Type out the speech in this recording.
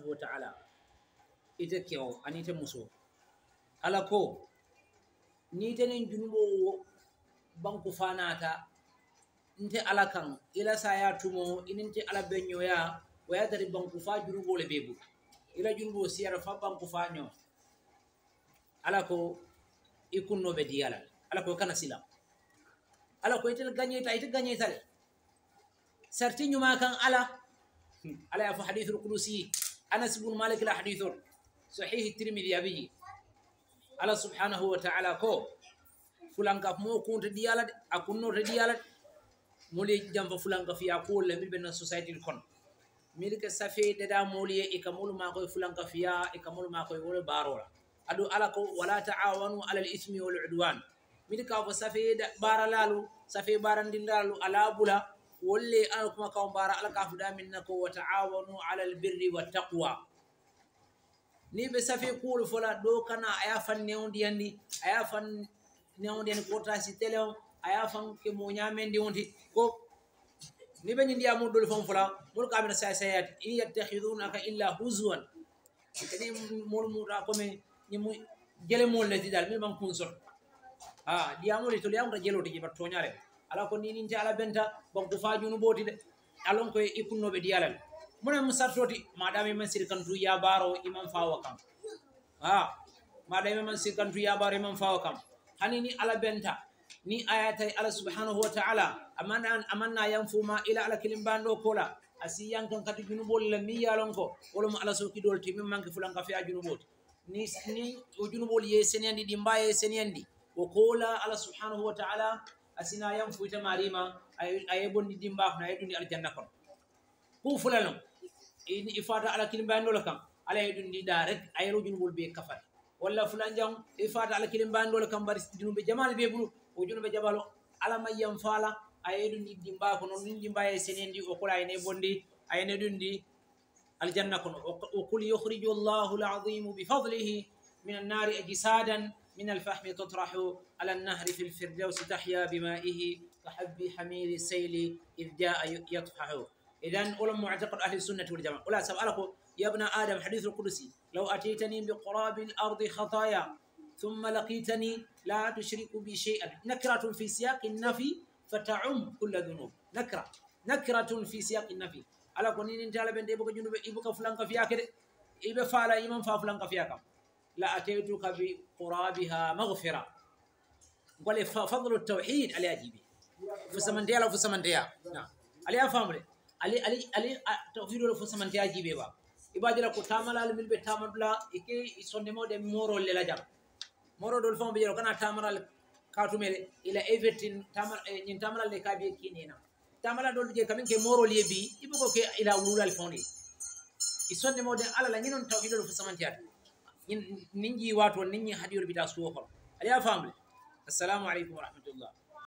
subhanahu wa ta'ala ite kewo anite muso ala ko nitenin junuɓowo banku fanata nte ala kan ila saya tumo ininte ala beñoya wayadari banku fa junuɓole ɓebu ila junuɓo siyara fa banku fa ño ala ko i kunnoɓe diyala ala ko kana sila ala ko itel gañeta ite gañetale sarti ñuma kan ala ala ya fo hadithul kulusi أنس بن مالك الحديث صحيح الترمذي ابي على سبحانه وتعالى كو فلان كف مو كنت ديالة أكون نور ديالة مولي جام فلان كف يقول لم يبين سوسايتي الكون ملك سفي ددا مولي إكمل ما كوي فلان كف يا إكمل ما كوي ولا بارولا أدو على كو ولا تعاونوا على الإثم والعدوان ملك أبو سفي بارلالو سفي بارندلالو على بولا wolle ala kuma kawo mbara ala ka fudaminnako wa taawanu ala albirri waltaqwa ni ɓe safi kuule fola ɗo kana aya fan newdiyandi aya fan newdi yandi kotasi télé o aya fan ke mo ñamendi wonti ko ni ɓe ñindiya muddol fan fola mol kamina say sayati in yattahidunaka illa huswan kadi mol muta comme ñimu gele mol leti dal min ɓan kun sot a ɗiyamoli to liyamuta jelo tiji bat toñare ala ko nini nte ala benta banko fajunu ɓooti de alon koye ikkunnoɓe diyalal munen mi sattoti maɗami man sirkantu yabaro iman fawa kam a maɗami man sirkantu yabaro iman fawa kam hanini ala benta ni ayatay e ala subhanahu wa taala aman amanna yan fuma ila ala kilim banɗo kola asi yankan kati junuɓolila mi yalonko wolomo ala sokidol ti min manke fulanka fe a junuɓoti ni ni o junuɓol ye seniyandi ɗi mbaye seniyandi o kola ala subhanahu wa taala asina yam fuita marima ay bonni dimba na ay dundi aljanna kon ku in ifata ala kilimbayandolo kam ala ay dundi da ay aye wol be wala fulan jam ifata ala kam baris dinu be jamal be bulu o be jabalo ala mayam fala ay dundi dimba non nin dimba ye senendi o kula ne bondi ne dundi aljanna kon o qul yukhrijullahu alazim bi fadlihi min annari ajsadan من الفحم تطرح على النهر في الفردوس تحيا بمائه كحب حمير السيل إذ جاء يطفح إذا أولم معتقد أهل السنة والجماعة ولا سألك يا ابن آدم حديث القدسي لو أتيتني بقراب الأرض خطايا ثم لقيتني لا تشرك بي شيئا نكرة في سياق النفي فتعم كل ذنوب نكرة نكرة في سياق النفي على كونين انت على بنت ابوك جنوب ابوك فلان كفياك ابو فعلا ايمان فلان كفياك la atetuka bi qurabiha magfira gole fadlu tawhid ali ajibi fusamante ala fusamanteya ali a famude ali ali ali tawhidola fusamanteya jibe ba ibadila ko tamalal milɓe tamadula ike sonde mawɗe morol lela jam morodol fama ɓejeɗo kana tamaral katumele ila evertin tama ñin eh, tamalal de kabiye kinena tamalal dol ɓejeɗ kamin ke morol ye bi i ɓogo ke ila wulal fawde i sonde mawɗe alala ñinon tawhidola fusamanteyata نينجي واتو نينجي حديور بيتا سوخر السلام عليكم ورحمه الله